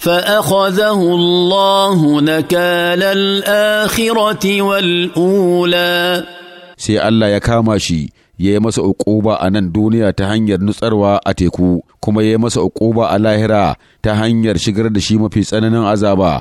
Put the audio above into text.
فأخذه الله نكال الآخرة والأولى sai Allah ya kama shi ya yi masa uƙuba a nan duniya ta hanyar nutsarwa a teku kuma ya yi masa uƙuba a lahira ta hanyar shigar da shi mafi tsananin azaba